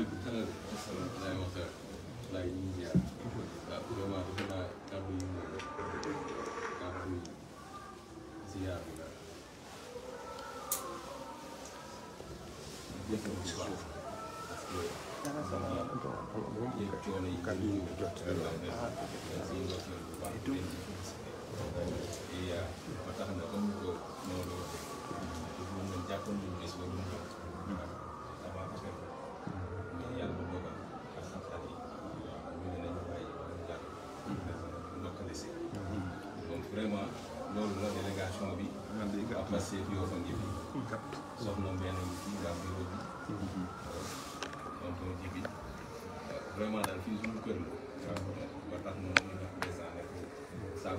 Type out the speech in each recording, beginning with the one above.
waaleykum salaam asalaamaaleykum wa rahmatulah laay ñu ngi ziar waaw vraiment defe naa kàddu yi mu kàddu ziar bi la jëfe bu baax parce que yëpp coono yi kàddu yi mu jot bu baax ba tax na comme ko noonu waxee mën nañ jàppoon nañu bés ba ñu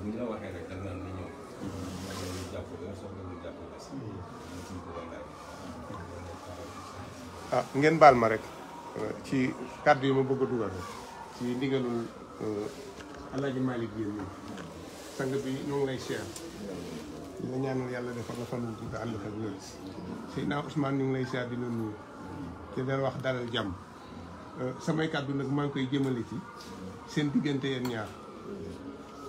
bu ñu rek da nga mm. mm. ah, ngeen baal ma rek euh, ci kàddu yi ma bëgg a dugal ci ndigalul El euh, Hadj Malick Guèye ñun sang bi ñoo ngi lay seer. ñu yàlla defal la fan wu gudd ànd ak wér. Seydina Ousmane ñu ngi lay seer di la nuyu te dal wax dalal jàmm euh, samay kàddu nag maa koy jëmale ci seen diggante yeen ñaar.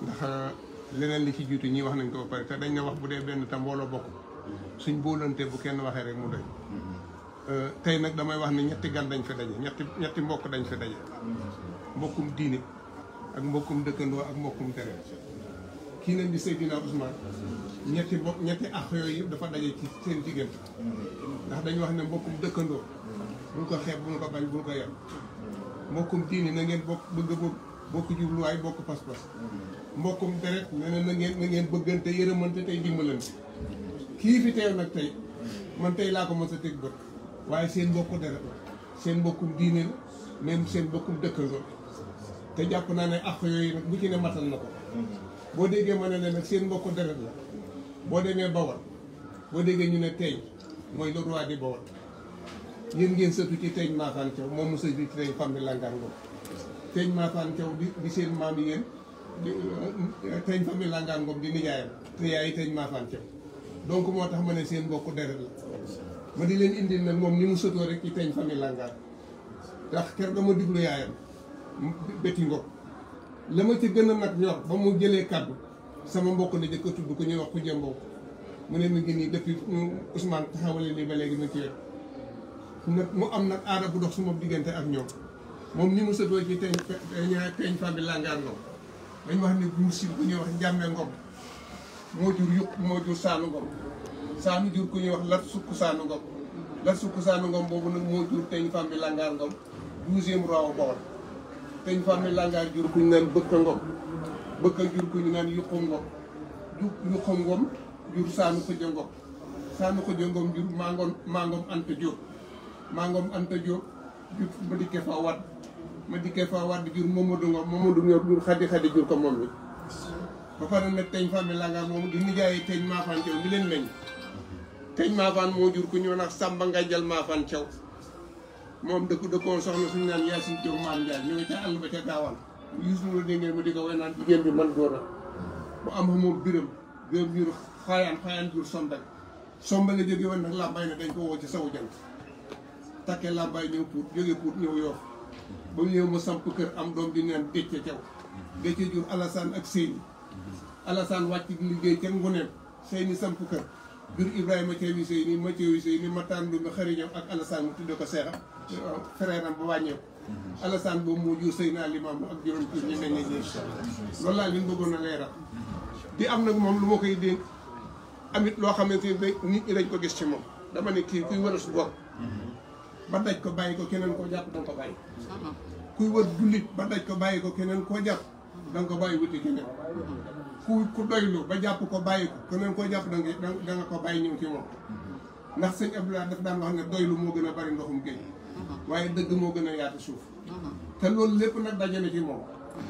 ndax euh, leneen li ci jiitu ñii wax nañ ko ba pare te dañ ne wax bu dee benn tam mbooloo bokk suñ bóolante bu kenn waxee rek mu doy euh, tey nag damay wax ne ñetti gan dañ fi daje ñetti ñetti mbokk dañ fi daje mbokkum diine ak mbokkum dëkkandoo ak mbokkum tere kii di Seydina ñetti mbokk ñetti ax yooyu yëpp dafa daje ci seen diggante ndax dañu wax ne mbokkum dëkkandoo bul ko xeeb bul ko bañ bul ko yem mbokkum diine na ngeen bokk bëgg bokk jubluwaay bokk pas-pas mbokkum deret nee na na ngeen na ngeen bëggante yërëmante tey dimbalante kii fi teew nag tey man tey laa ko mos a teg bët waaye seen mbokku deret la seen mbokkum diine la même seen mbokkum dëkkandoo te jàpp naa ne ak yooyu ci ne matal na ko boo déggee ma ne ne seen mbokku deret la boo demee Bawol boo déggee ñu ne teeñ mooy le waa di Bawol yéen ngeen sëtu ci teeñ maafaan caw moom mu sëtu ci teeñ fam bi langaan teeñ maafaan caw di seen maam yéen teñ famille langaan ngoom di nijaayam te yaay teñ maafaan cam donc moo tax ma ne seen mbokku deret la ma di leen indi nag moom ni mu sotoo rek ci teñ famille langaan ndax ker dama diglu yaayam la ma ci gën a nag mu jëlee kàddu sama mbokk ne jëkk ñuy wax ku jëmboo mu ne mi ngi nii depuis Ousmane taxawale nii ba am nag aada bu dox suma diggante ak ñoom moom ni mu sotoo ci ngoom dañ wax ne buur siin ku ñuy wax njàmme ngom moo jur yuq moo jur saanu ngom saanu jur ku ñuy wax lat sukk saanu ngom lat sukk saanu ngom boobu nag moo jur teñ fammi langaar ngom douzième roi Bawol teñ fammi langaar jur ku ñu naan bëkk ngom bëkk jur ku ñu naan yuqu ngom jur saanu xëj ngom saanu xëj ngom jur maa ngom maa ngom anta jóob maa ngom anta jóob jur ma dikkee fa wat ma dikkee fa wadd jur Momadou Ngom Momadou Ngom jur xaddi xaddi jur ko moom mi ba pare nag teñ fa la nga moom di nijaay teñ maafaan caw mi leen meñ teñ maafaan moo jur ku ñëw nag Samba Ngajal maafaan caw moom dëkk dëkkoon soxna suñu naan ñu ngi ca àll ma ca gaawal yuusu la déggee mu di ko way jigéen bi man góor a bu am moom biram biram jur xaayaan xaayaan jur sombel sombel la jóge woon làmbaay na dañ ko woo ci sawu jant takkee làmbaay ñëw puut jóge puut ñëw yoof ba mu ñëw mu samp am doom di neen décce caw mhm. décce jur Alassane ak Seyni mhm. Alassane wàcc di liggéey ca nguneen Seyni samp kër jur Ibrahima Ceewi Seyni ma Ceewi Seyni ma tàndu mi xariñam ak Alassane mu tudde ko seexam frère am ba wàññeeku mhm. Alassane boobu moo Limaamu ak juróom jur ñu ne ñii loolu laa leen bëggoon a leeral di am na moom lu ma koy dénk amit loo xamante ne nit ñi dañ ko gis ci moom dama ne kii kuy su bor ba daj ko bàyyi ko keneen koo jàpp danga ko bàyyi kuy wër jullit ba daj ko bàyyi ko keneen koo jàpp danga ko bàyyi wuti keneen ku ku doylu ba jàpp ko bàyyi ko koo jàpp danga danga ko bàyyi ñëw ci moom ndax sëñ Abdoulaye daf daan wax ne doylu moo gën a bari ndoxum géej waaye dëgg moo gën a yaatu suuf te loolu lépp nag dajale ci moom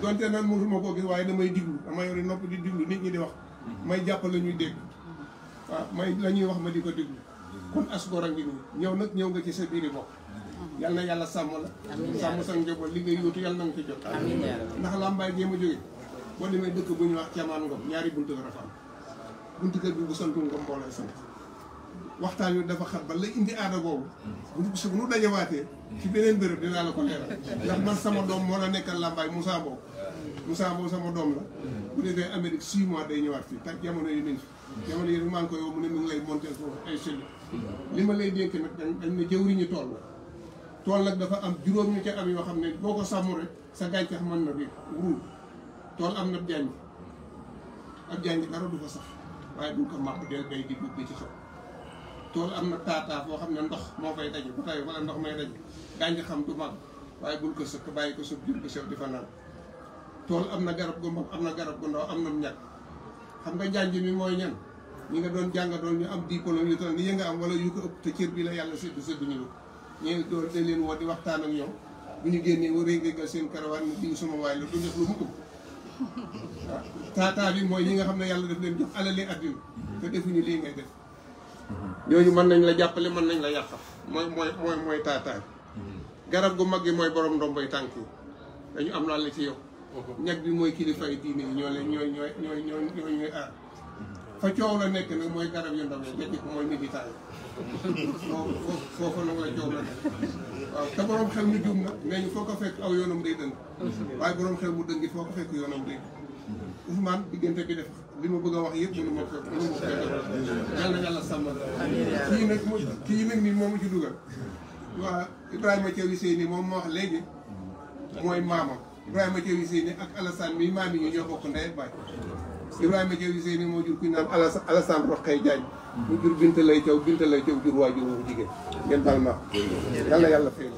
donte nag mosuma koo gis waaye damay diglu damay yore nopp di diglu nit ñi di wax may jàpp la ñuy dégg waa may la ñuy wax ma di ko diglu kon as gor a nii ñëw nag ñëw nga ci sa biiri bopp yal na yàlla sàmm la sàmm sa njaboot li ngay yóotu yàlla na nga ci jot ndax làmbaay jéem a jóge boo demee dëkk bu ñu wax camaan ngom ñaari buntu a fa bi bu santu ngom mboolay sant waxtaan wi dafa xat ba la indi aada boobu bu su nu dajawaatee ci beneen bërëb dinaa la ko leeral ndax man sama doom moo la nekkal làmbaay Moussa Mbow Moussa Mbow sama doom la bu defee day ñëwaat fii te jamono yi nañ fi jamono yi maa ngi koy mu ne mi lay monté foofu ay cellule li ma lay dénk nag dañ ne jëwriñu tool la tool nag dafa am juróom ñu ca am yoo xam ne boo ko sàmm rek sa na bi tool am na jànj ab jànj dara du fa waaye duñ ko màpp del day di na taataa boo xam ne ndox moo koy daje bu tawee wala ndox may daje gàncax xam du mag waaye bul ko sëkk bàyyi ko sëb jur di fa naan tool am na garab gu mag am na garab gu ndaw am na mu ñàkk xam nga jànj mi mooy ñan ñu nga doon jàngatoon ñu am diplôme yu toll ni yi nga am wala yu ko ëpp te cër bi la yàlla séddu séddu ñu ñeen doon dañ leen woo di waxtaan ak yow bu ñu génnee war a régal seen karawaan ni sama waay la du def lu mu ëpp waaw taataa mooy li nga xam ne yàlla def leen jox alali adduna te defuñu lii ngay def ñooñu mën nañ la jàppale mën nañ la yàqal mooy mooy mooy mooy taataa garab gu mag gi mooy borom ndomboy tànk yi dañu am la ci yow ñag bi mooy kilifa yi yi ñoo leen ñooy ñooy fa coow la nekk nag mooy garab yu ndaw yi nga jëkk mooy médital foofu foofu la mooy coow la nekk waaw te borom xel ñu juum nag foo ko fekk aw yoonam day dëng waaye borom xel mu dëng foo diggante bi def li ma bëgg a wax yëpp mënu ma ko mënu ma ko yàlla yàlla sàmm kii nag mu kii nag nii moomu ci dugal waa Ibrahima Thiaw Seyni moom moo wax léegi mooy maamam Ibrahima Thiaw Seyni ak Alassane mi maam yi ñoo bokk ndey ak Ibrahima Diop Seyni moo jur ku ñu naan Alassane Roqay Diagne mu jur Binta lay Thiaw Binta lay Thiaw jur waajur wu jigéen ngeen baal ma yàlla yàlla fay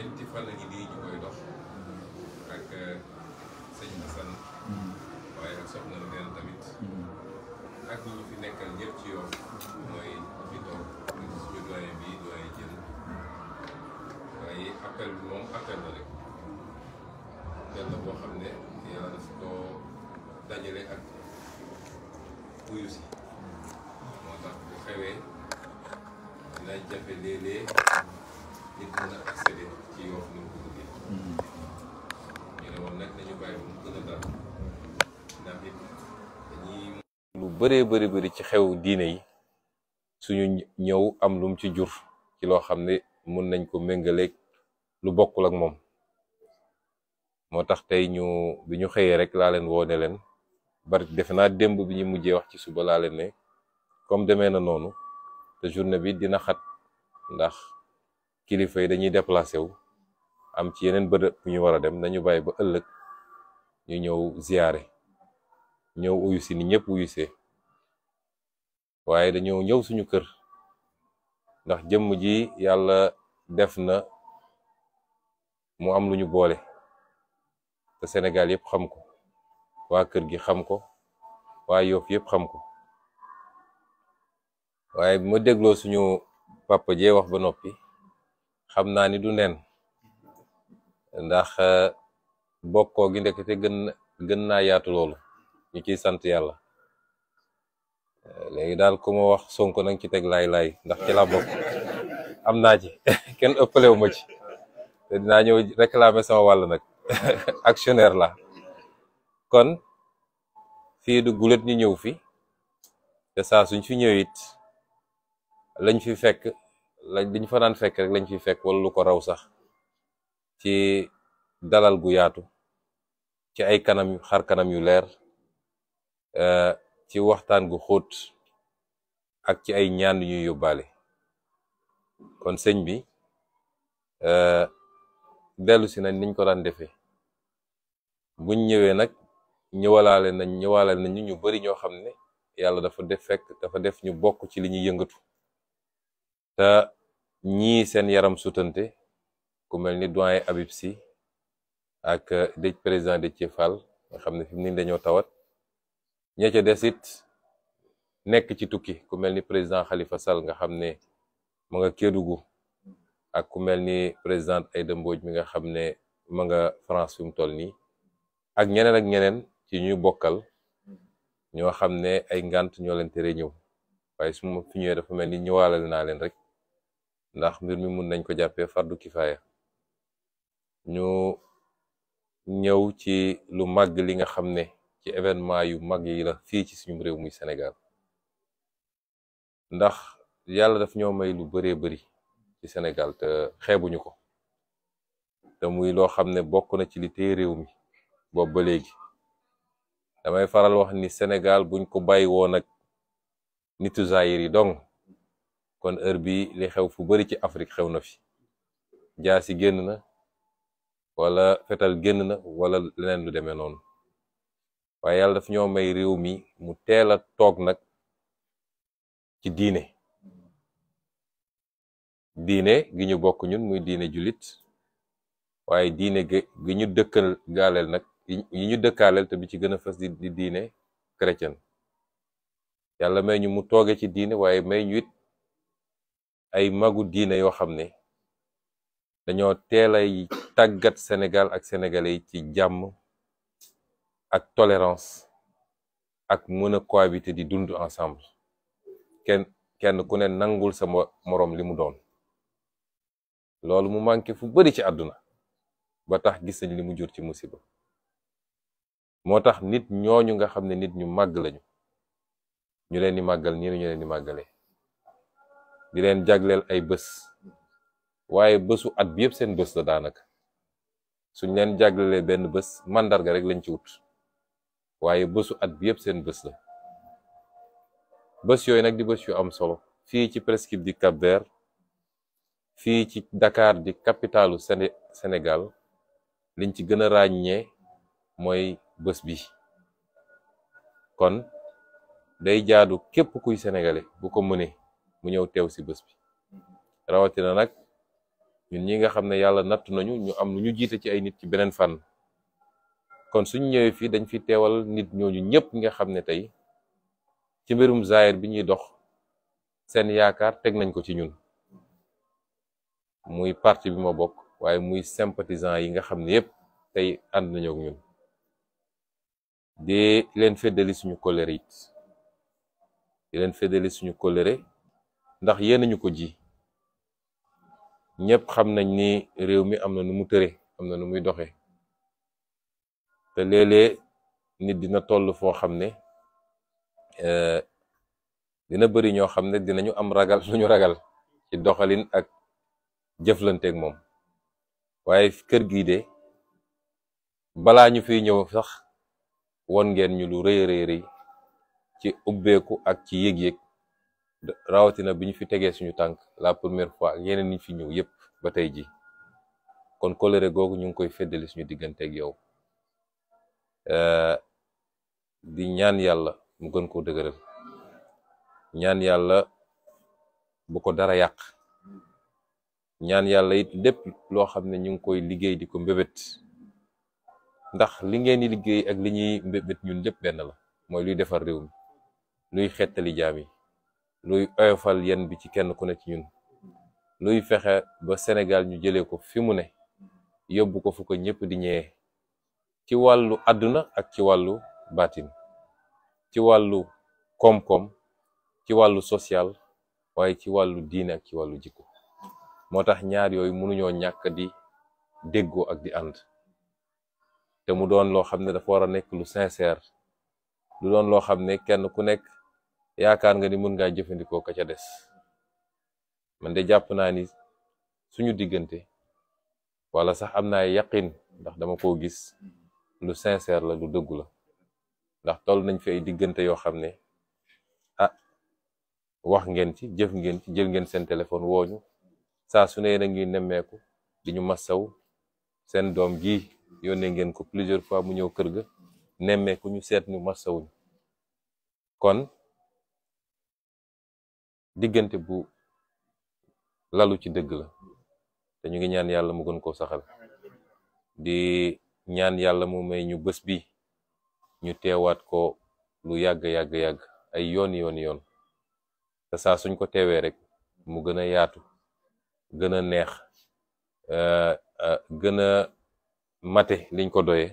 ñeenti fan la ñu nii ñu koy dox ak euh, sëñ Assane mm-hmm. waaye ak soxna neen tamit mm-hmm. ak ñu fi nekkal ñëpp ci yoon mooy fi toog suñu doyen bi doyen jël mm-hmm. waaye appel bi moom appel la rek appel la boo xam ne yàlla daf koo dajale ak uyu si moo tax bu xewee dina jafe léeg-léeg lu bëree bëri bëri ci xew diine yi suñu ñëw am lum ci jur ci loo xam ne mun nañ ko méngaleeg lu bokkul ak moom moo tax tey ñu bi ñu xëyee rek laa leen woone leen bari defe naa démb bi ñu mujjee wax ci suba laa leen ne comme demee na noonu te journée bi dina xat ndax kilifa yi dañuy déplacé wu am ci yeneen bërëb bu ñu war a dem nañu bay ba ëllëg ñu ñëw ziyaare ñëw uyu si ni ñëpp uyusee waaye dañoo ñëw suñu kër ndax jëmm ji yàlla def na mu am lu ñu boole te Sénégal yëpp xam ko waa kër gi xam ko waa Yoff yëpp xam ko waaye bi ma dégloo suñu papa jee wax ba noppi xam naa ni du neen ndax euh, bokkoo gi ndekete gën gën naa yaatu loolu ñu ciy sant yàlla léegi daal ku wax Sonko nag ci teg laay-laay ndax ci bokk am naa ci kenn ëppalewu ma ci dinaa ñëw réclamer sama wàll nag actionnaire la kon fii gulet ñu ñëw fi te saa fi ñëw it fi fekk lañ diñ fa daan fekk rek lañ fi fekk wala lu ko raw sax ci dalal gu yaatu ci ay kanam xar kanam yu leer eh, ci waxtaan gu xóot ak ci ay ñaan yu ñuy yóbbaale kon sëñ bi eh, dellu si nañ niñ ko daan defee buñ ñëwee nag ñëwalaale na ñëwalaale nañ ñu bari ñoo xam ne yàlla dafa def fekk dafa def ñu bokk ci li ñuy yëngatu te ñi seen yaram sutante ku mel ni doyen Habib ak euh, déj président Déthié Fall nga xam ne fi mu ne dañoo tawat ña ca des it nekk ci tukki ku mel ni président Khalifa sal nga xam ne ma nga Kédougou ak ku mel ni présidente Aïda Mbodj mi nga xam ne ma nga France fi mu toll nii ak ñeneen ak ñeneen ci ñuy bokkal ñoo xam ne ay ngànt ñoo leen tere ñëw waaye su ma fi ñëwee dafa mel ni ñëwaalal naa leen rek ndax mbir mi mun nañ ko jàppee fardu kifaaya ñu ñëw ci lu màgg li nga xam ne ci événement yu mag yi la fii ci suñu réew muy Sénégal ndax yàlla daf ñoo may lu bëree bari ci Sénégal te xeebuñu ko te muy loo xam ne bokk na ci li tey réew mi boobu ba léegi damay faral wax ni Sénégal buñ ko bàyyi woon ak nitu Zaïre yi dong kon heure bi li xew fu bari ci Afrique xew na fi jaasi génn na walla fetal génn na walla leneen lu demee noonu waaye yàlla daf ñoo may réew mi mu teel a toog nag ci diine diine gi ñu bokk ñun muy diine jullit waaye diine gi ñu dëkkal gaaleel nag yi ñu dëkkaaleel te bi ci gën a fës di diine chrétien yàlla may ñu mu tooge ci diine waaye may ñu ay magu diine yoo xam ne dañoo teel ay tàggat Sénégal ak sénégalais yi ci jàmm ak tolérance ak mën a cohabiter di dund ensemble kenn kenn ku ne nangul sa moroom li mu doon loolu mu manqué fu bari ci àdduna ba tax gis nañ li jur ci musiba moo tax nit ñooñu nga xam ne nit ñu màgg lañu ñu leen di màggal nii ñu leen di màggalee di leen jagleel ay bés waaye bésu at bi yëpp seen bës la daanaka suñ leen jaglelee benn bés màndarga rek lañ ci wut waaye bësu at bi yëpp seen bës la bés yooyu nag di bës yu am solo fii ci presqu'île di Cap-Vert fii ci dakaar di capitalu senegal liñ ci gën a ràññee mooy bës bi kon day jaadu képp kuy sénégalais bu ko mënee mu ñëw teew si bës bi mm-hmm. rawatina nag ñun ñi nga xam ne yàlla natt nañu ñu am lu ñu jiite ci ay nit ci beneen fànn kon suñ ñëwee fii dañ fi teewal nit ñooñu ñëpp nga xam ne tey ci mbirum zaahir bi ñuy dox seen yaakaar teg nañ ko ci ñun muy partie bi ma bokk waaye muy sympathisant yi nga xam ne yëpp tey ànd nañoo ñun di leen feddali suñu colère it di leen feddali suñu colère ndax yéen ñu ko ji ñëpp xam nañ ni réew mi am na nu mu tëre am na nu muy doxe te léeg-léeg nit dina toll foo xam ne euh, dina bëri ñoo xam ne dinañu am ragal lu ñu ragal ci doxalin ak jëflanteeg moom waaye kër gii de balaa ñu fi ñëw sax won ngeen ñu lu rëy rëy rëy ci ubbeeku ak ci yëg-yëg rawatina bi ñu fi tegee suñu tànk la première fois ak yeneen ñu fi ñëw yépp ba tey ji kon colère googu ñu ngi koy feddali suñu diggante yow euh, di ñaan yàlla mu gën koo dëgëral ñaan yàlla bu ko dara yàq ñaan yàlla yit lépp loo xam ne ñu ngi koy liggéey di ko mbébét ndax li ngeen di liggéey ak li ñuy mbébét ñun lépp benn la mooy luy defar réew mi luy xettali jaam luy oyofal yenn bi ci kenn ku ne ci ñun luy fexe ba Sénégal ñu jëlee ko fi mu ne yóbbu ko fu ko ñëpp di ñëwee ci wàllu àdduna ak ci wàllu baatin ci wàllu koom-koom ci wàllu social waaye ci wàllu diine ak ci wàllu jikko moo tax ñaar yooyu mënuñoo ñàkk di déggoo ak di ànd te mu doon loo xam ne dafa war a nekk lu sincère lu doon loo xam ne kenn ku nekk yaakaar nga ni mun ngaa jëfandikoo ka ca des man de jàpp naa ni suñu diggante wala sax am naa yaqin ndax dama koo gis lu sincère la lu dëggu la ndax toll nañ fi ay diggante yoo xam ne ah wax ngeen ci jëf ngeen ci jël ngeen seen téléphone wooñu saa su ne na ngi nemmeeku di ñu massaw seen doom gi yónnee ngeen ko plusieurs fois mu ñëw kër ga nemmeeku ñu seet ñu massawuñu kon diggante bu lalu ci dëgg la te ñu ngi ñaan yàlla mu gën koo saxal di ñaan yàlla mu may ñu bës bi ñu teewaat ko lu yàgg yàgg yàgg ay yoon yoon yoon te saa suñ ko teewee rek mu gën a yaatu gën a neex eh, eh, gën a mate liñ ko doyee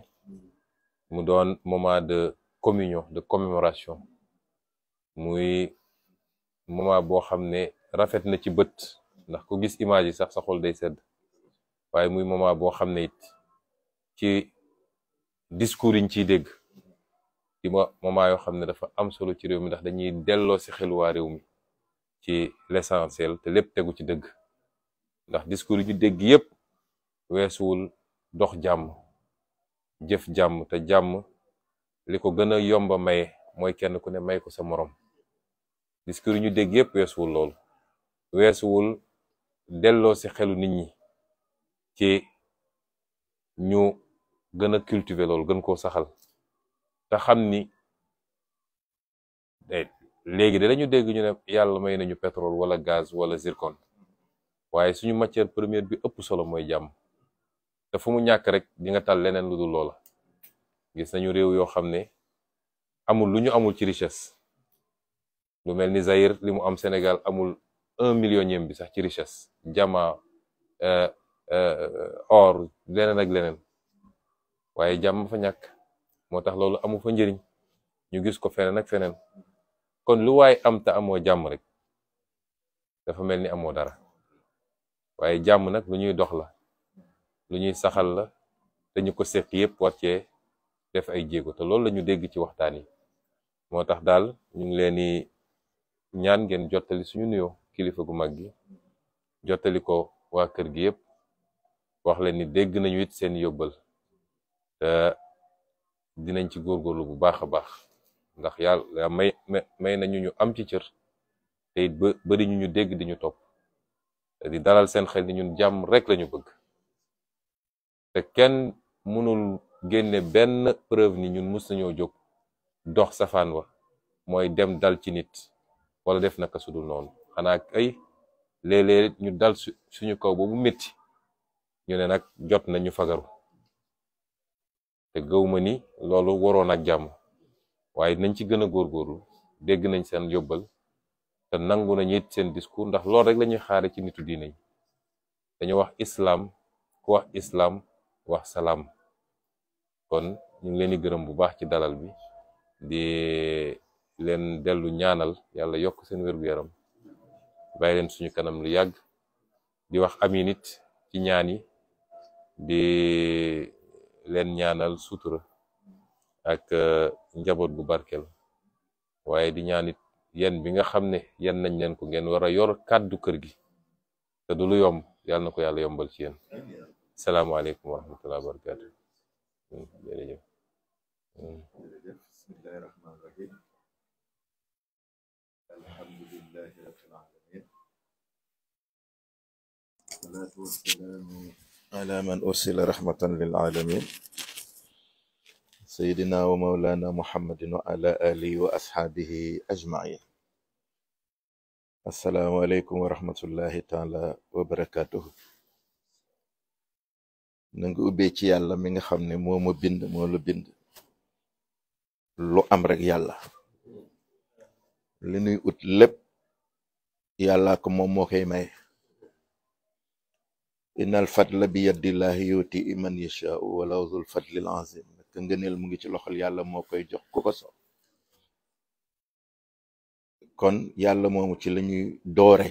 mu doon moment de communion de commémoration muy moment boo xam ne rafet na ci bët ndax ku gis image yi sax sa day sedd waaye muy moment boo xam ne it ci discours yi ñu ciy dégg di ma moment yoo xam ne dafa am solo ci réew mi ndax dañuy delloo si xel waa réew mi ci l'essentiel te lépp tegu ci dëgg ndax discours yi ñu dégg yépp weesuwul dox jàmm jëf jàmm te jàmm li ko gën a yomba maye mooy kenn ku ne may ko sa morom discours yi ñu dégg yëpp weesuwul loolu weesuwul delloo si xelu nit ñi ci ñu gën a cultiver loolu gën koo saxal te xam ni léegi da lañu dégg ñu ne yàlla may nañu pétrole wala gaz wala zircon waaye suñu matière première bi ëpp solo mooy jàmm te fu mu ñàkk rek di nga tal leneen lu dul loola gis nañu réew yoo xam ne amul lu ñu amul ci richesse lu mel ni Zaïre li mu am Sénégal amul un millionième bi sax ci richesse jama euh, euh, or leneen ak leneen waaye jàmm fa ñàkk moo tax loolu amu fa njëriñ ñu gis ko feneen ak feneen kon lu waaye am te amoo jàmm rek dafa mel ni amoo dara waaye jàmm nag lu ñuy dox la lu ñuy saxal la te ñu ko seq yëpp war cee def ay jéego te loolu la ñu dégg ci waxtaan yi moo tax daal ñu ngi ñaan ngeen jottali suñu nuyoo kilifa gu mag gi jottali ko waa kër gi yëpp wax ni dégg nañu it seen yóbbal te dinañ ci góorgóorlu bu baax a baax ndax yàlla may may nañu ñu am ci cër te it ba bëri ñu ñu dégg di ñu topp di dalal seen xel ni ñun jàmm rek lañu bëgg te kenn mënul génne benn preuve ni ñun mus nañoo jóg dox safaan wa mooy dem dal ci nit wala def naka sudul noonu xanaa ay léeg ñu dal suñu kaw boobu métti ñu ne nag jot na ñu fagaru te gëwma ni loolu waroon ak jàmm waaye nañ ci gën a góorgóorlu dégg nañ seen yóbbal te nangu nañ it seen discours ndax lool rek lañuy xaare ci nitu diine yi dañu wax islaam ku wax islaam wax salaam kon ñu ngi leen di gërëm bu baax ci dalal bi di leen dellu ñaanal yàlla yokk seen wér-gu-yaram bàyyi leen suñu kanam lu yàgg di wax ami nit ci ñaan di leen ñaanal sutura ak uh, njaboot gu barkel waaye di ñaanit yéen bi nga xam ne yéen nañ leen ko ngeen war a yor kàddu kër gi te du lu yomb yàlla na ko yàlla yombal ci yéen salaamaaleykum wa rahmatullahi wa alhamdulillahi rabbil alamin salaatu wassalaamu ala man ursila rahmatan lil alamin sayidina wa maulana muhammadin wa ala alihi wa asxaabihi ajmain assalaamu aleykum wa rahmatullahi taala wa barakatuhu na nga ubbee ci yàlla mi nga xam ne moo ma bind moo la bind lu am rek yàlla li nuy ut lépp yàlla ko moom moo koy may innal fadla bi yadillahi yuti iman yashaa wala zul fadlil azim ka ngëneel mu ngi ci loxol yàlla moo koy jox ku ko so kon yàlla moomu ci lañuy doore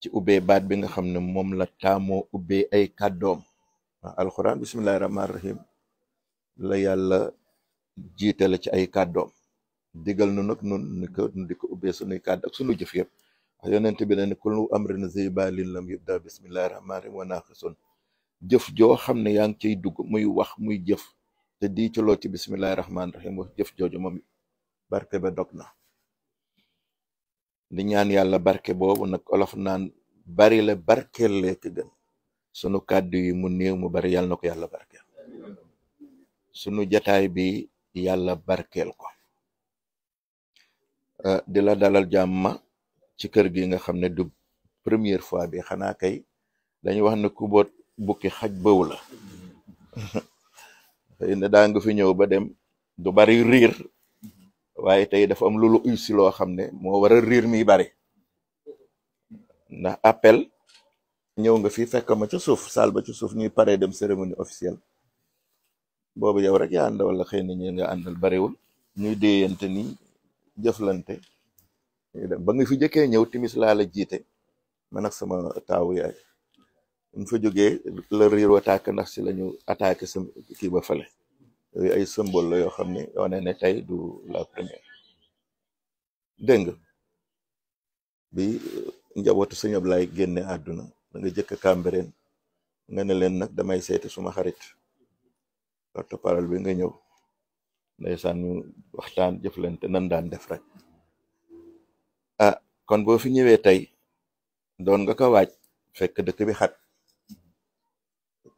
ci ubbee baat bi nga xam ne moom la taamoo ubbee ay kàddoom alquran bismillahi rahmani rahim la yàlla jiitale ci ay kàddoom digal nu nag nun ni ko di ko ubbee sunuy kàddu ak sunu jëf yëpp wax yonente bi ne ni kullu amrin zi baalin lam yubda bismillahi rahim wa naaqisun jëf joo xam ne yaa ngi ciy dugg muy wax muy jëf te di ci loo ci rahim wax jëf jooju moom barke ba dog na di ñaan yàlla barke boobu nag olof naan bari la barkeel lee sunu kàddu yi mu néew mu bari yàlla na ko yàlla barkeel sunu jataay bi yàlla barkel ko Euh, di la dalal jàmm ci kër gi nga xam ne du première fois bi xanaa kay dañuy wax ne ku boot bukki xaj bëw la xëy na daa nga fi ñëw ba dem du bari riir waaye tey dafa am lu lu si loo xam ne moo war a riir mi bari ndax appel ñëw nga fi fekk ma ca suuf saal ba ca suuf ñuy pare dem cérémonie officielle boobu yow rek ya ànd wala xëy na ñeen nga àndal bariwul ñuy déeyante jëflante ba nga fi jëkkee ñëw timis laa la jiite man sama taawu yaay ñu fa jógee la riir wa ndax si lañu attaqué sa kii ba fale ay symbole la yoo xam ne wane ne tey du la première dégg nga bi njabootu sëñ Ablaay génne àdduna da nga jëkk Cambérène nga ne leen nag damay seeti suma xarit porte-parole bi nga ñëw ndeysaan ñu waxtaan jëflante nan daan def rek a ah, kon boo fi ñëwee tey doon nga ko waaj fekk dëkk bi xat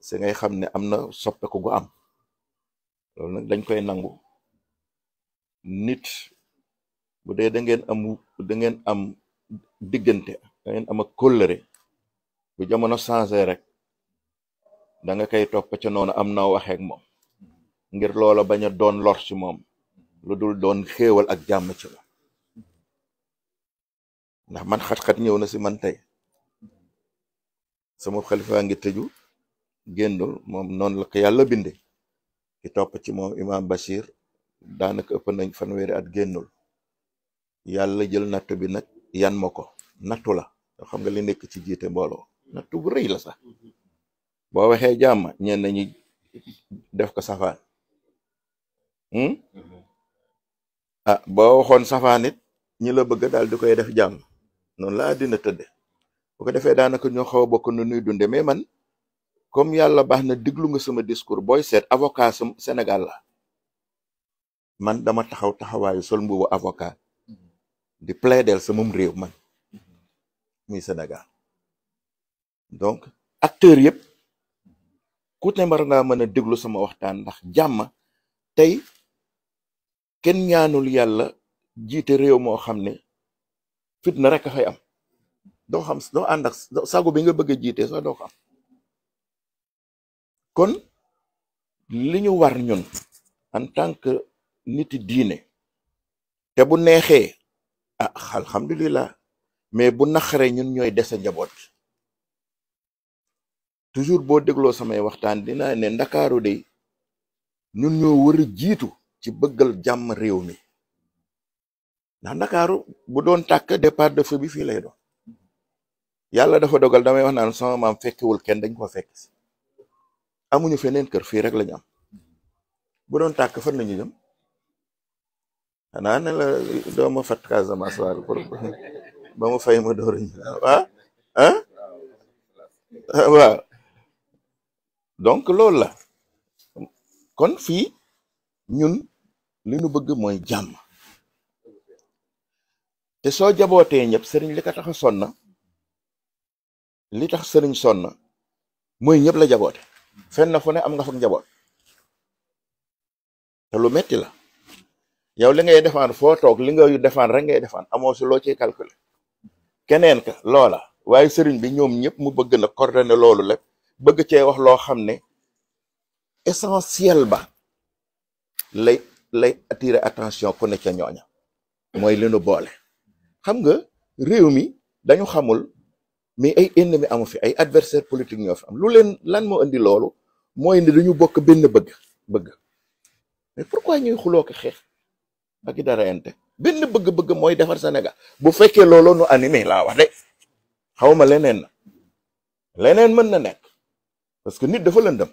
si ngay xam ne am na soppeeku gu am loolu nag dañ koy nangu nit bu dee da ngeen am da ngeen am diggante da ngeen am ak bu jamono changé rek da nga koy topp ca noonu am na waxeek moom. ngir lool bañ a doon lor ci moom lu dul doon xéewal ak jàmm ci moom ndax man xat-xat ñëw na si man tey sama xalifa ngi tëju génnul moom noonu la ko yàlla binde ki topp ci moom imam Bachir daanaka ëpp nañ fanweeri at génnul yàlla jël nattu bi nag yan ma ko nattu la xam nga li nekk ci jiite mbooloo nattu bu rëy la sax boo waxee jàmm ñenn ñi def ko safaan Hmm? Mhm. ah boo waxoon safaan it ñi la bëgg daal di koy def jàmm noonu laa dina tëdde bu ko defee daanaka ñoo xaw a bokk nu nuy dunde mais man comme yàlla baax na déglu nga sama discours booy seet avocat sam Sénégal la man dama taxaw taxawaayu sol mbubu avocat mhm. di del samam réew man mhm. muy Sénégal donc acteur yëpp ku ne war ngaa mën a déglu sama waxtaan ndax jàmm tey kenn ñaanul yàlla jiite réew moo xam ne fitna rek a fay am doo xam doo ànd sago bi nga bëgg a jiite sax doo ko kon li ñu war ñun en tant que niti diine te bu neexee ah alhamdulilah mais bu naqare ñun ñooy dese njaboot toujours boo dégloo samay waxtaan dina ne ndakaaru de ñun ñoo war a jiitu. ci bëggal jàmm réew mi ndax ndakaaru bu doon tàkk depart de feu bi fii lay doon yàlla dafa dogal damay wax naan sama maam fekkewul kenn dañ ko fekk amuñu feneen kër fii rek lañu am bu doon tàkk fan lañu jëm xanaa ne la doo ma fat Casamance waal pour ba ma fay ma door ah? ah ah waaw donc loolu la kon fii ñun li nu bëgg mooy jàmm te soo jabootee ñëpp sëriñ li ko tax a sonna li tax sëriñ sonna mooy ñëpp la jaboote fenn fu ne am nga fa njaboot te lu metti la yow li ngay defaan foo toog li nga defaan rek ngay defaan amoo si loo ciy calculer keneen ka loola waaye sëriñ bi ñoom ñëpp mu bëgg na coordonné loolu lépp bëgg cee wax loo xam ne essentiel ba lay lay attirer attention ku ne ca ñooña mooy li boole xam nga réew mi dañu xamul mais ay ennemi amu fi ay adversaire politique ñoo fi am lu leen lan moo indi loolu mooy ne dañu bokk benn bëgg bëgg mais pourquoi ñuy xuloo ko xeex ak i dara ente benn bëgg-bëgg mooy defar Sénégal bu fekke looloo nu animé laa wax de xawma leneen na leneen mën na nekk parce que nit dafa lëndëm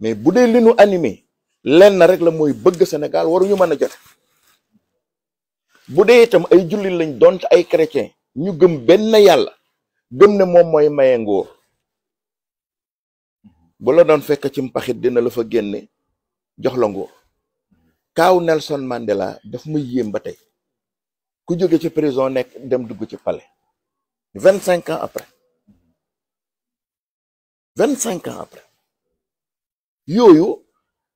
mais bu dee li nu animé lenn rek la mooy bëgg Sénégal ñu mën a jote bu dee itam ay jullit lañ doon ay chrétien ñu gëm benn yàlla gëm ne moom mooy maye nguur bu la doon fekk ci mpaxit dina la fa génne jox la nguur kaaw Nelson Mandela daf muy yéem ba tey ku jóge ci prison nekk dem dugg ci palais vingt cinq après vingt cinq ans après yooyu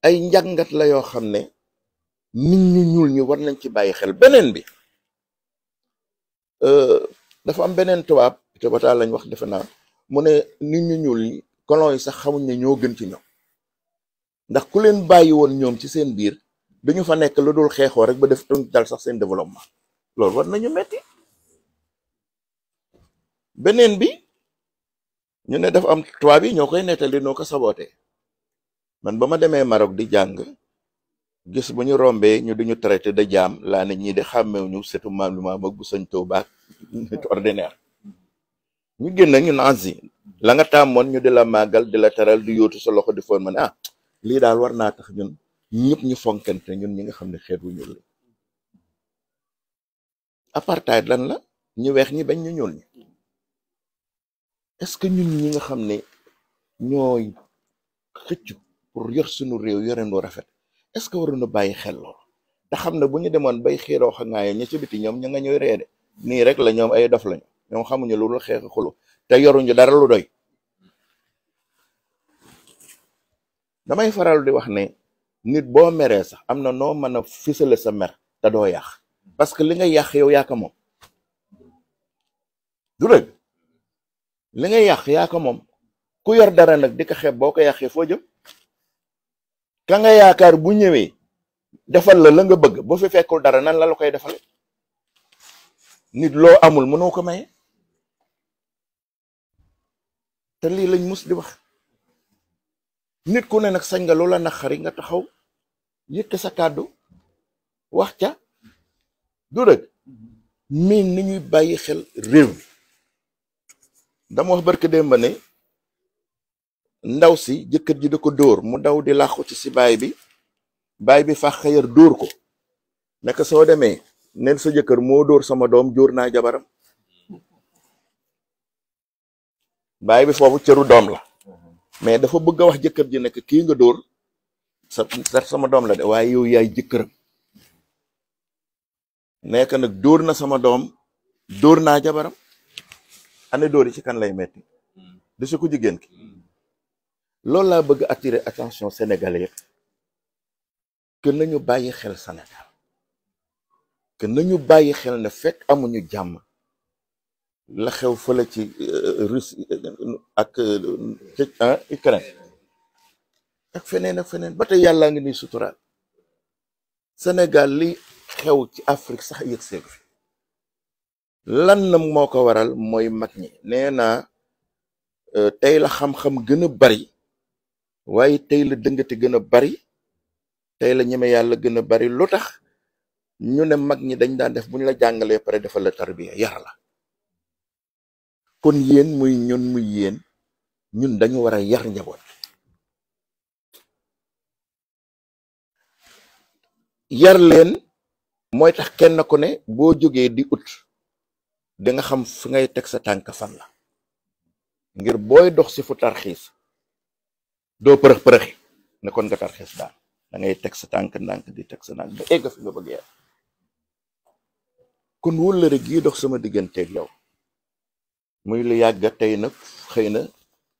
ay njàngat la yoo xam ne nit ñu ñuul ñu war nañ ci bàyyi xel beneen bi euh, dafa am beneen tubaab te bataa lañ wax defe naa mu ne nit ñu ñuul ñi kolon yi sax xamuñ ne ñoo gën ci ñoom ndax ku leen bàyyi woon ñoom ci seen biir duñu fa nekk lu dul xeexoo rek ba def tënk dal sax seen développement loolu war nañu metti beneen bi ñu ne dafa am tubaab yi ñoo koy nettali noo ko sabootee man ba ma demee Maroc di jàng gis bu ñu rombee ñu duñu traité da jaam laa ne ñii de xàmmeew ñu surtout maam lu maam ak bu sëñ Tuubaa ordinaire ñu génn ñu nazi la nga tàmmoon ñu di la màggal di la teral di yóotu sa loxo di foon ma ne ah lii daal war naa tax ñun ñëpp ñu fonkante ñun ñi nga xam ne xeet ñuul la lan la ñu weex ñi bañ ñu ñuul ce que ñun ñi nga xam ne ñooy xëccu pour yor suñu réew yoreen wu rafet est ce que waroon na bàyyi xel loolu te xam ne bu ñu demoon bay xiiroo xa ngaayo ña ci biti ñoom ña nga ñooy reede nii rek la ñoom ay dof lañu ñoom xamuñu lu dul xeex xulu te yoruñu dara lu doy damay faral di wax ne nit boo meree sax am na noo mën a fisale sa mer te doo yàq parce que li nga yàq yow yaa moom du dëgg li nga yàq yaa moom ku yor dara nag di ko xeeb boo ko yàqee foo jëm ka nga yaakaar bu ñëwee defal la la nga bëgg boo fi fekkul dara nan la la koy defale nit loo amul mënoo ko maye te lii lañ mus di wax nit ku ne nag sañ nga loola naqari nga taxaw yëkk sa kàddu wax ca du dëgg miin ni ñuy bàyyi xel réew mi dama wax barke démb ne ndaw si jëkkër ji da ko dóor mu daw di làqu ci si baay bi baay bi fax xëyar dóor ko naka soo demee neen sa jëkkër moo dóor sama doom jóor naa jabaram baay bi foofu cëru doom la mais dafa bëgg a wax jëkkër ji nekk kii nga dóor sa sama doom la de waaye yow yaay jëkkëram nekk nag dóor na sama doom dóor naa jabaram ane dóor yi kan lay metti mm. du si ko jigéen ki loolu laa bëgg attirer attention sénégalais yëpp que nañu bàyyi xel Sénégal que nañu bàyyi xel ne fekk amuñu jàmm la xew fële ci euh, Russie euh, ak euh, Ukraine ak feneen ak feneen ba tey yàlla ngi nuy suturaal Sénégal li xew ci Afrique sax yëg seeg fi lan na moo ko waral mooy mag ñi nee naa tey la xam-xam gën a bari waaye tey la dëngate gën a bari tey la ñeme yàlla gën a bari lu tax ñu ne mag ñi dañ daan def bu ñu la jàngalee pare defal la tarbiya yar la kon yéen muy ñun muy yéen ñun dañu war a yar njaboot yar leen mooy tax kenn ku ne boo jógee di ut danga xam fi ngay teg sa tànk fan la ngir booy dox si fu tarxiis do përëx përëxi ne kon nga tarxees daan da ngay teg sa tànk ndànk di teg sa ndànk ba egg fi nga bëgg yàlla kon wóllëre gii dox sama digganteeg yow muy lu yàgga tey nag xëy na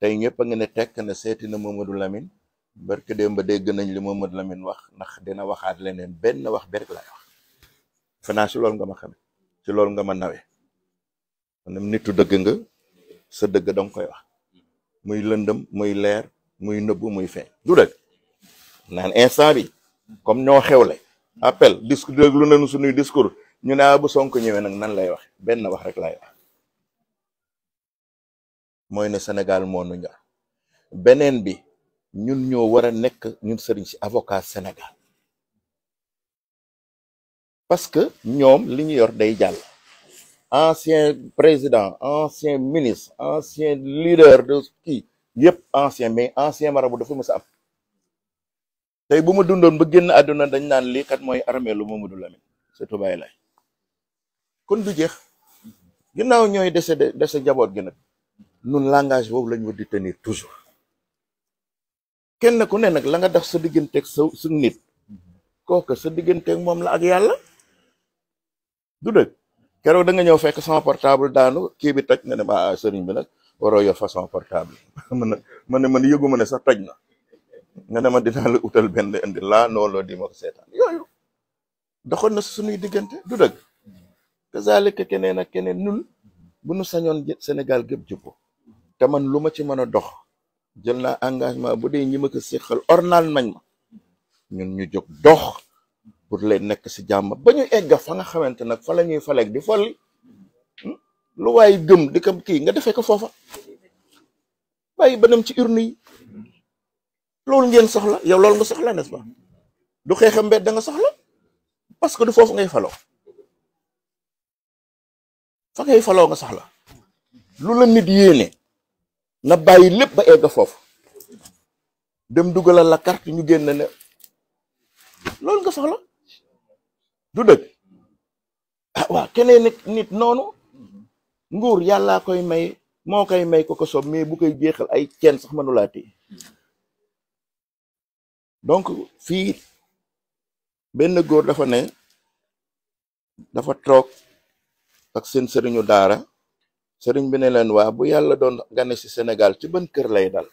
tey ñëpp nga ne tekk na seeti na Mamadou lamin barke démb ba dégg nañ li Mamadou Lamine wax ndax dina waxaat leneen benn wax berk laay wax fanaa si loolu nga ma xame ci loolu nga ma nawee maanaam nitu dëgg nga sa dëgg danga koy wax muy lëndëm muy leer muy nëbb muy feeñ du dëgg naan instant bi comme ñoo xewle appel discours déglu nañu suñuy discours ñu ne ah, bu sonk ñëwee nag nan lay wax benn wax rek laay wax mooy ne senegal monuña beneen bi ñun ñoo war a nekk ñun sëriñ si avocat Sénégal parce que ñoom li ñu yor day jàll ancien président ancien ministre ancien leader de kii yëpp ancien mais ancien marabout bu mës a am tey bu ma dundoon ba génn àdduna dañ naan lii kat mooy armeelu Mamadou Lamine Sétou Baye Laye kon du jeex ginnaaw ñooy dese dese jaboot gi nag nun langage boobu lañ war di tenir toujours kenn ku ne nag la nga def sa digganteeg sa su nit kooka sa digganteeg moom la ak yàlla du dëgg keroog da nga ñëw fekk sama portable daanu kii bi toj nga ne ma ah, sëriñ bi nag waroo yo façon portable man ne man ne man yëguma ne sax toj na nga ne ma dinaa la utal benn indi laa nooloo di ma ko seetaan yooyu doxoon na suñuy diggante du dëgg kazalika keneen ak keneen ñun bu nu sañoon Sénégal gépp jubbo te man lu ma ci mën a dox jël naa engagement bu de ñi ma ko séqal ornal nañ ma ñun ñu jóg dox pour lay nekk si jàmm ba ñu egg fa nga xamante nag fa la di folli lu waay gëm di ko kii nga defee ko foofa bàyyi ba dem ci urne yi loolu ngeen soxla yow lool nga soxla n'est-ce pas du xeexam mbedd da soxla parce que du foofu ngay faloo fa ngay faloo nga soxla lu la nit yéene na bàyyi lépp ba egg foofu dem dugalal la carte ñu génn ne loolu nga soxla du dëgg ah waa keneen nit noonu. nguur yàlla koy may moo koy may ko ko soob mais bu koy jeexal ay ceen sax mënulaa téye donc fii benn góor dafa ne dafa toog ak seen sëriñu daara sëriñ bi ne leen waa bu yàlla doon gane ci Sénégal ci ban kër lay dal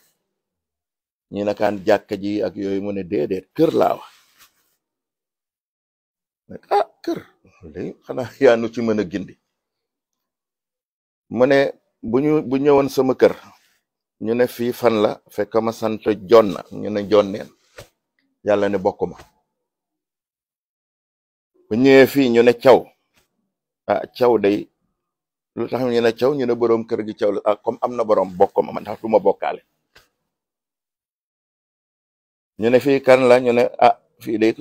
ñi nakaan jàkka ji ak yooyu mu ne déedéet kër laa wax ah kër xanaa yaa nu ci mën a gindi mu ne bu ñu bu ñëwoon sama kër ñu ne fii fan la fekk ma sant jon na ñu ne jonneen yàlla ne bokkuma ñëwee fii ñu ne caw a ah, caw day lu tax ñu ne caw ñu ne boroom kër gi caw la ah comme am na boroom bokkuma man tax du ma bokkaale ñu ne fii kan la ñu ne ah fii day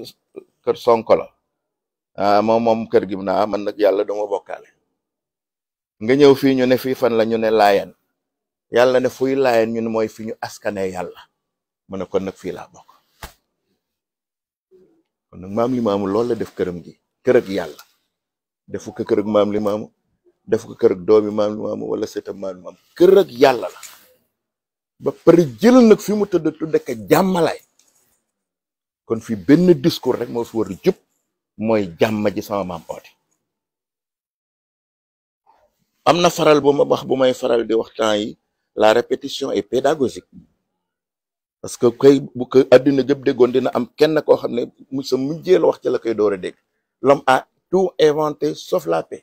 kër la ah moom moom kër gi na ah man nag yàlla duma bokkaale nga ñëw fii ñu ne fii fan la ñu ne laayeen yàlla ne fuy laayeen ñu mooy fi ñu askane yàlla mu ne kon nag fii la bokk kon nag maam limaamu loolu la def këram gi kërëg yàlla defu ko kërëg maam defu ko kërëg doomi maam limaamu wala sëtam maam limaamu kërëg yàlla la ba pare jël nag fi mu tëdd tudde ka jàmmalaay kon fi benn discours rek moo fi war a jub mooy jàmm ji sama maam am na faral bu ma wax bu may faral di wax temps yi la répétition est pédagogique parce que kay bu ko àddina jëpp déggoon dina am kenn koo xam ne mu sa mujjeel wax ci la koy door a dégg l'homme a tout inventé sauf la paix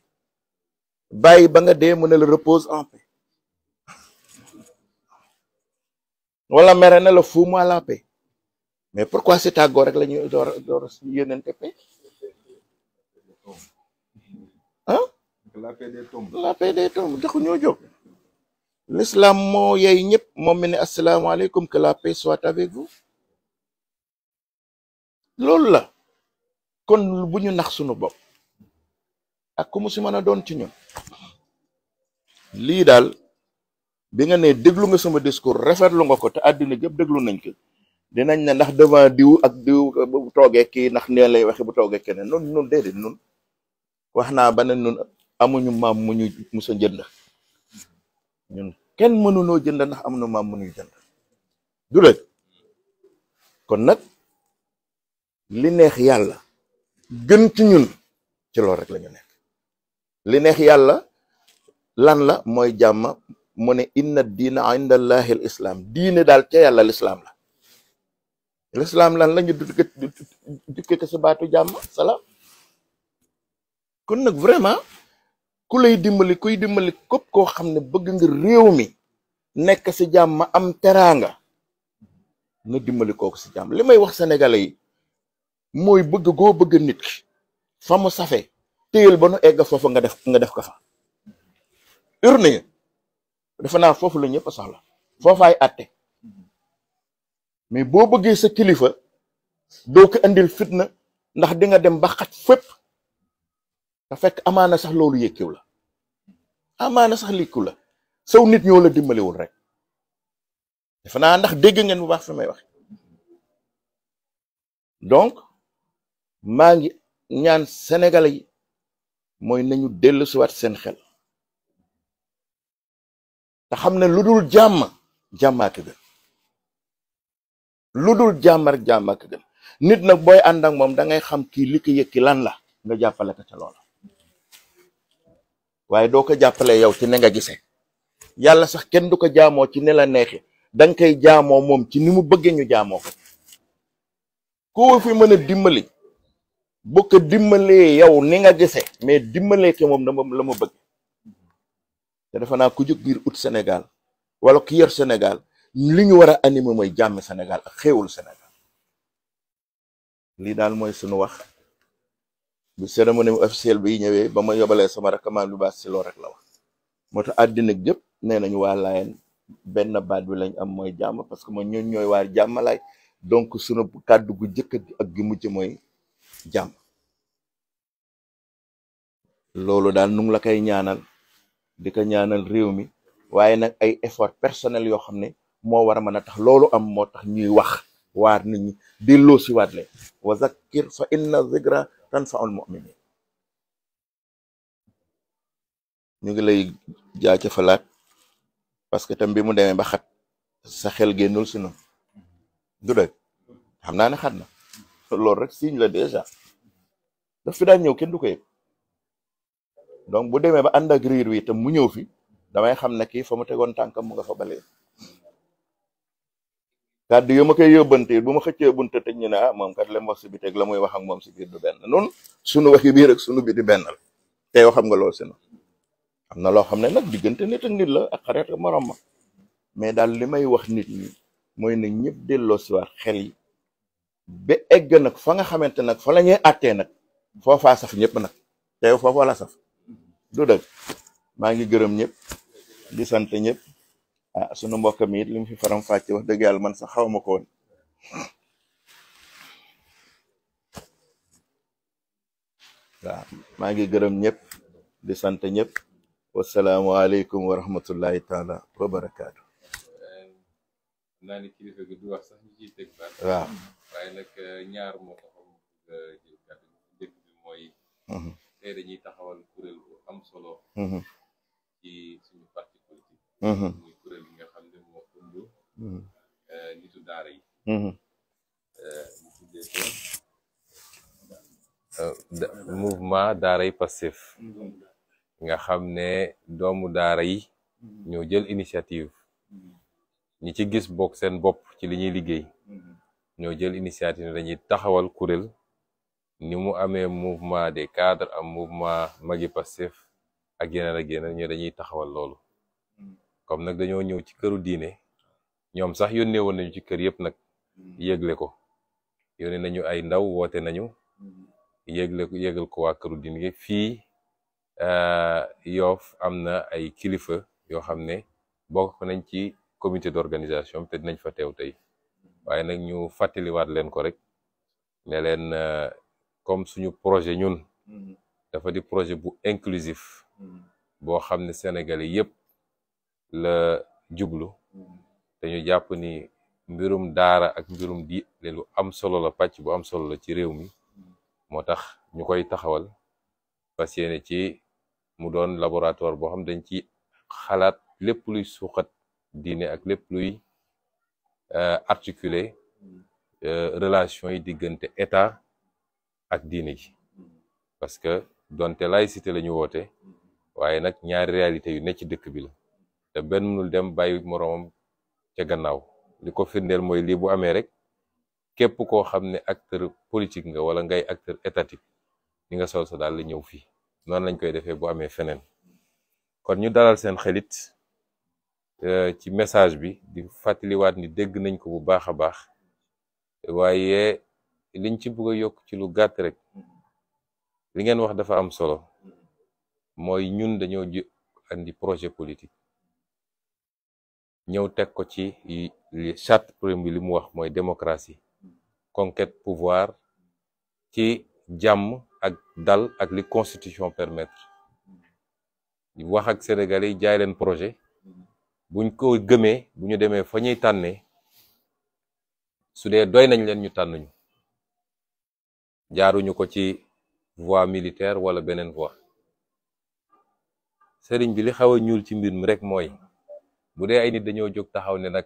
bàyyi ba nga de mu ne la repose en paix wala mere nela la fous-moi la paix mais pourquoi si tàggoo rek la ñuy door door yéenante paix la paix des tombes la paix ñoo jóg l'islam moo yey ñëpp moom mi ne asalaamaaleykum que la paix soit avec vous loolu la kon buñu ñu nax sunu bopp ak ku mu si mën a doon ci ñun lii daal bi nga ne déglu nga sama discours rafetlu nga ko te àddina gépp déglu nañ ko nañ ne ndax devant diw ak diw bu toogee kii ndax nee lay waxe bu toogee keneen nun nun déedéet nun wax naa ba ne nun amuñu maam mu ñu musa jënd kenn mënunoo jënd ndax am na maam mu ñuy jënd du rek kon nag li neex yàlla gën ci ñun ci loolu rek lañu nekk li neex yàlla lan la mooy jàmm mu ne inna diina inda allahi al islaam diine daal ca yàlla lislaam la lislaam lan la ñu dukkate si baatu jàmm salaam kon nag vraiment ku lay dimbali kuy dimbali képp koo xam ne bëgg nga réew mi nekk si jàmm am teraanga nga dimbali kooku si jàmm li may wax sénégalais yi mooy bëgg goo bëgg nit ki fa mu safe téyel ba nu egg foofu nga def nga def ko fa urne defe foofu la ñëpp soxla foofaay atte mais boo bëggee sa kilifa doo ko indil fitna ndax di nga dem ba xat fépp te fekk amaana sax loolu yëkkiw la amaana sax likku la saw nit ñoo la dimbalewul rek defe naa ndax dégg ngeen bu baax fi may wax donc maa ngi ñaan sénégalais yi mooy nañu dellu siwaat seen xel te xam ne lu dul jàmm jàmmaak gën lu dul jàmm rek jàmmaak gën nit nag booy ànd ak moom da xam kii li ko yëkki lan la nga jàppale ko ca loola waaye doo ko jàppale yow ci ne nga gisee yàlla sax kenn du ko jaamoo ci ne la neexee da nga koy jaamoo moom ci ni mu bëggee ñu jaamoo ko koo fi mën a dimbali bu ko dimbalee yow ni nga gisee mais dimbalee ke moom dama la ma bëgg te defe ku jóg biir ut senegal wala ku yor Sénégal li ñu war a animé mooy jàmmi Sénégal ak xéewul Sénégal lii daal mooy sunu wax. bu cérémonie officielle bi ñëwee ba ma yobalee sama rakkamaan bi baas si loolu rek la wax moo tax àddina gépp nee nañu waa Laayeen benn baat bi lañ am mooy jàmm parce que mooy ñun ñooy waar jàmmalaay donc sunu kàddu gu jëkk ak gi mujj mooy jàmm loolu daal nu ngi la koy ñaanal di ko ñaanal réew mi waaye nag ay effort personnel yoo xam ne moo war a mën a tax loolu am moo tax ñuy wax waar nit ñi di loo si waat leen fa inna zikra tanfaul muminin ñu ngi lay jaajëfalaat parce que tam bi mu demee ba xat sa xel génnul si noonu du dëgg xam naa ne xat na loolu rek signe la déjà daf fi daan ñëw kenn du ko yëg donc bu demee ba ànd ak riir wi tam mu ñëw fi damay xam na kii fa mu tegoon tànkam mu fa balee kàddu yu ma koy yóbbante bu ma xëccee bunte tëj ñu ne ah moom kat lem wax si la muy wax ak moom si biir du benn noonu sunu waxi biir ak sunu biti benn la te yow xam nga loolu si am na loo xam ne nag diggante nit ak nit la ak morom ma mais daal li may wax nit ñi mooy na ñëpp delloo si waat xel yi ba fa nga xamante nag fa la ñuy àttee nag foofaa saf ñëpp nag te yow foofa la saf du dëgg maa ngi gërëm ñëpp di ñëpp ah sunu mbokk mi it li mu fi faram fàcce wax dëgg yàlla sax xaw ma ko woon waaw maa ngi gërëm ñëpp di sant ñëpp wasalaamualeykum wa rahmatullahi taala wa barakaatu. naa ne kilifa gi du wax sax ñu ciy teg baat. Eh, eh, mm-hmm. taxawal kuréel Mm-hmm. Uh, nitu daara yi mm-hmm. uh, uh, mouvement daara yi Pastef nga xam ne doomu daara yi mm-hmm. ñoo jël initiative ñi ci gis bokk seen bopp ci li ñuy liggéey ñoo jël initiative ne dañuy taxawal kuréel ni mu amee mouvement des cadres am mouvement magi Pastef ak yeneen ak yeneen ñu dañuy taxawal loolu comme nag dañoo ñëw ci këru diine ñoom sax yónnee woon nañu ci kër yëpp nag mm. yégle ko yónnee nañu ay ndaw woote nañu mm. yégle yégal ko waa këru diine fii euh, yoof am na ay kilifa yoo xam ne bo nañ ci comité d'organisation te nañ fa teew tey waaye nag ñu fàttaliwaat leen ko rek ne leen euh, comme suñu projet ñun mm. dafa di projet bu inclusif boo xam ne Sénégalais yëpp la jublu dañu jàpp ni mbirum daara ak mbirum diine lu am solo la pàcc bu am solo la ci réew mi moo tax ñu koy taxawal fas yéene ci mu doon laboratoire boo xam dañ ci xalaat lépp luy suuxat diine ak lépp luy euh, articuler euh, relation yi diggante état ak diine ji parce que donte laïcité la ñu woote waaye nag ñaari réalité yu ne ci dëkk bi la te benn mënul dem bàyyi moroomam ce gannaaw li ko firndeel mooy lii bu amee rek képp koo xam ne acteur politique nga wala ngay acteur étatique li nga sol sa daal la ñëw fii noonu lañ koy defee bu amee feneen kon ñu dalal seen xelit e, ci message bi di fàttaliwaat ni dégg nañ ko bu baax a baax waaye liñ ci bëgg a yokk ci lu gàtt rek li ngeen wax dafa am solo mooy ñun dañoo ji andi projet politique ñëw teg ko ci charte premier li mu wax mooy démocratie conquête pouvoir ci jàmm ak dal ak li constitution permettre wax ak Sénégalais jaay leen projet buñ ko gëmee bu ñu demee fa ñuy tànnee sudee doy nañ leen ñu tànn ñu jaaruñu ko ci voie militaire wala beneen voie sëriñ bi li xaw a ñuul ci mbir mi rek mooy bu dee ay nit dañoo jóg taxaw ne nag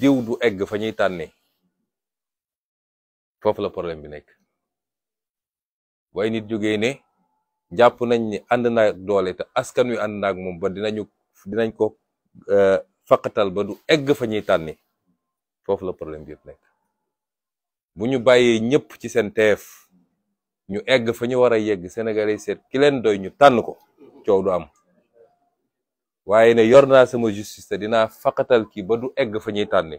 diw du egg fa ñuy tànnee foofu la problème bi nekk waaye nit jógee ne jàpp nañ ni ànd naa doole te askan wi ànd naag moom ba dinañu dinañ ko e, faqatal ba du egg fa ñuy tànni foofu la problème bi nekk bu ñu bàyyee ñëpp ci seen teef ñu egg fa ñu war a yegg Sénégalais seet kileen doy ñu tànn ko coow du am waaye ne yor naa sama justice te dinaa faqatal kii ba du egg fa ñuy tànne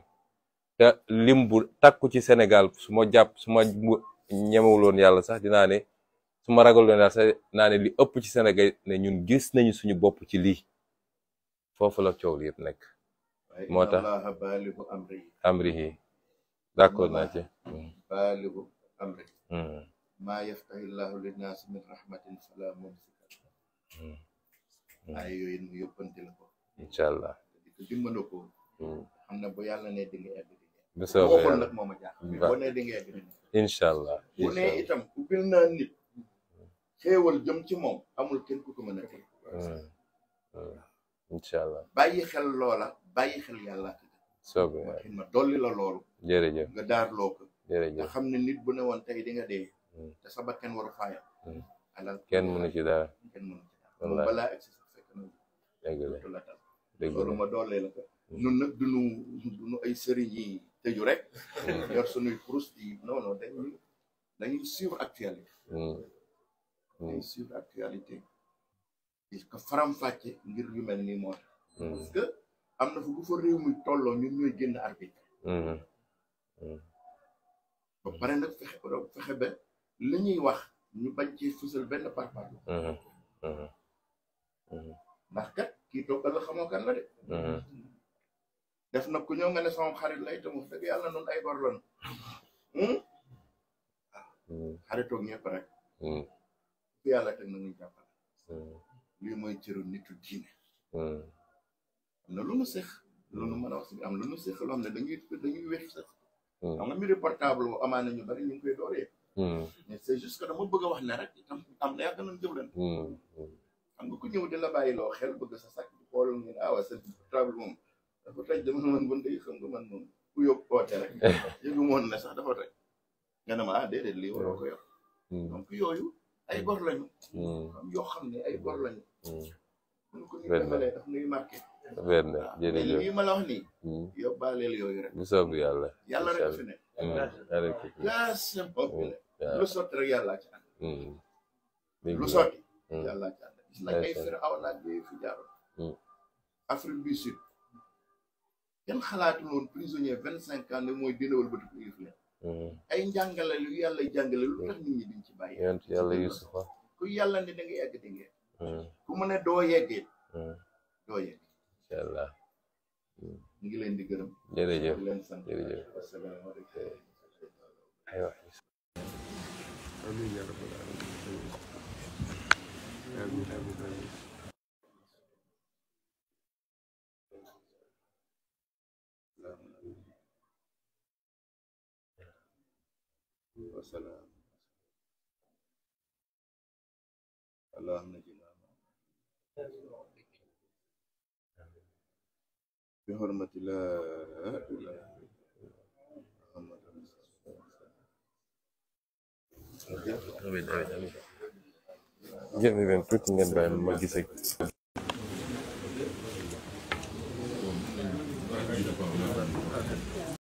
lim bu takku ci senegal su ma jàpp su ma yàlla sax dinaa ne su ma ragaloon yàlla sax ne li ëpp ci Sénégal ne ñun gis nañu suñu bopp ci lii foofu la coow li yëpp nekk moo tax amrihi d'accord naa ci baaligu Hmm. ay yooyu mu yóbbante la ko incha allah di ko hmm. xam na bu yàlla ne di nga egg di nga bu soobee waxoon nag ne incha allah itam ubbil naa nit xéewal jëm ci moom amul kenn ku ko mën a tey hmm. allah bàyyi xel loola bàyyi xel yàlla soobee waay ma dolli la loolu jërëjëf nga daar loo ko xam ne nit bu ne woon tey di nga dee te sa kenn mënu ci ci dara balaa dootu la tal loolu ma doolee la ko ñun nag ay sëriñ tëju rek yor suñuy kurus di non non dañuy suivre actualité hmm. hmm. dañuy suivre faram-fàcce ngir yu mel ni moo hmm. parce que am na fu bu fa réew mi tolloo ñun ñooy génn arbitre ba pare nag fexe fexe ba ñuy wax ñu bañ ci fësal benn par par ndax kat kii toggal la xamoo kan la de. Mm-hmm. def na ku ñëw nga ne sama xarit lay te wax dëgg yàlla noonu ay bor lan. waaw hmm? mm-hmm. xaritoog ñëpp rek. fi mm-hmm. yàlla teg na muy lii mooy cëru nitu diine. am na lu nu seex lu nu wax si am lu nu seex loo xam ne dañuy dañuy wér sax. xam nga portable boobu amaana ñu bari ñu ngi koy dooree. mais c'est juste que dama bëgg a wax ne rek am na yàgg nañu jëf leen. xam nga ku ñëw di la bàyyi loo xel bëgg sa sàkk bu xoolal ngeen ah waa sa portable moom dafa toj dama ne man bon day xam nga man moom ku yóbbu oote rek yëgu moon ne sax ah, ko yor hmm. yooyu ay bor lañu hmm. yoo xam ne ay bor lañu munu ko ni defalee daf nuy marqué ah, ma la wax hmm. yooyu rek bu soobu yàlla yàlla rek fi ne la simple bi lu sotti rek yàllaa ci lu sotti yàllaa ci gis nañ ay Firawna yooyu fi jaaroon hmm. Afrique du Sud kenn xalaatul woon prisonnier vingt cinq ans ne mooy dina wëlbatiku yëf leen hmm. ay njàngale lu yàlla jàngale lu tax nit ñi duñ ci bàyyi yàlla Yusufa ku yàlla ne da yegg di ngeen hmm. ku mu ne doo yeggee doo yegg incha allah ñu ngi leen di gërëm jërëjëf leen sant jërëjëf asalaamaaleykum aywa وسلام اللهم جنا بحرمة لا إله محمد رسول الله آمين آمين آمين jërë ngeen tuuti ngeen bàyyi ma gis